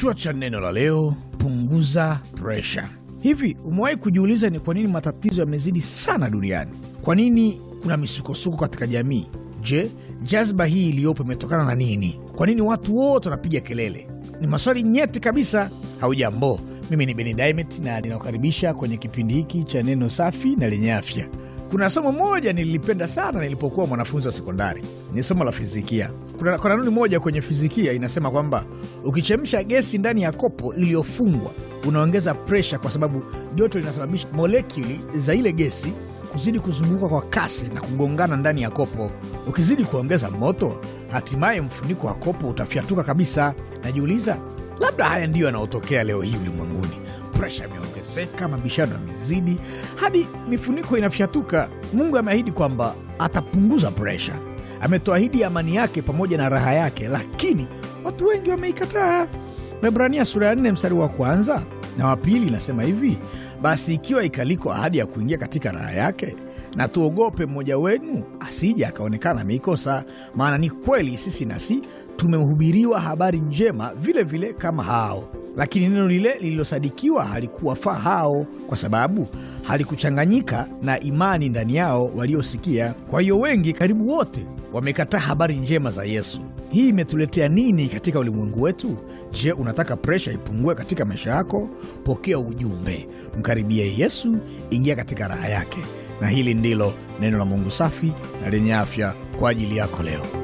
Kichwa cha neno la leo: punguza presha. Hivi umewahi kujiuliza ni kwa nini matatizo yamezidi sana duniani? Kwa nini kuna misukosuko katika jamii? Je, jazba hii iliyopo imetokana na nini? Kwa nini watu wote wanapiga kelele? Ni maswali nyeti kabisa. Haujambo, mimi ni Beni Dimet na ninakukaribisha kwenye kipindi hiki cha neno safi na lenye afya. Kuna somo moja nilipenda sana nilipokuwa mwanafunzi wa sekondari, ni somo la fizikia. Kuna kanuni moja kwenye fizikia inasema kwamba ukichemsha gesi ndani ya kopo iliyofungwa unaongeza presha, kwa sababu joto linasababisha molekuli za ile gesi kuzidi kuzunguka kwa kasi na kugongana ndani ya kopo. Ukizidi kuongeza moto, hatimaye mfuniko wa kopo utafyatuka kabisa. Najiuliza, labda haya ndiyo yanayotokea leo hii ulimwenguni presha imeongezeka, mabishano yamezidi hadi mifuniko inafyatuka. Mungu ameahidi kwamba atapunguza presha, ametoahidi amani yake pamoja na raha yake, lakini watu wengi wameikataa. Waebrania sura ya 4 mstari wa kwanza na wa pili inasema hivi: basi ikiwa ikaliko ahadi ya kuingia katika raha yake, na tuogope mmoja wenu asija akaonekana ameikosa. Maana ni kweli sisi nasi tumehubiriwa habari njema vilevile vile kama hao, lakini neno lile lililosadikiwa halikuwafaa hao, kwa sababu halikuchanganyika na imani ndani yao waliosikia. Kwa hiyo wengi, karibu wote, wamekataa habari njema za Yesu. Hii imetuletea nini katika ulimwengu wetu? Je, unataka presha ipungue katika maisha yako? Pokea ujumbe, mkaribie Yesu, ingia katika raha yake. Na hili ndilo neno la Mungu safi na lenye afya kwa ajili yako leo.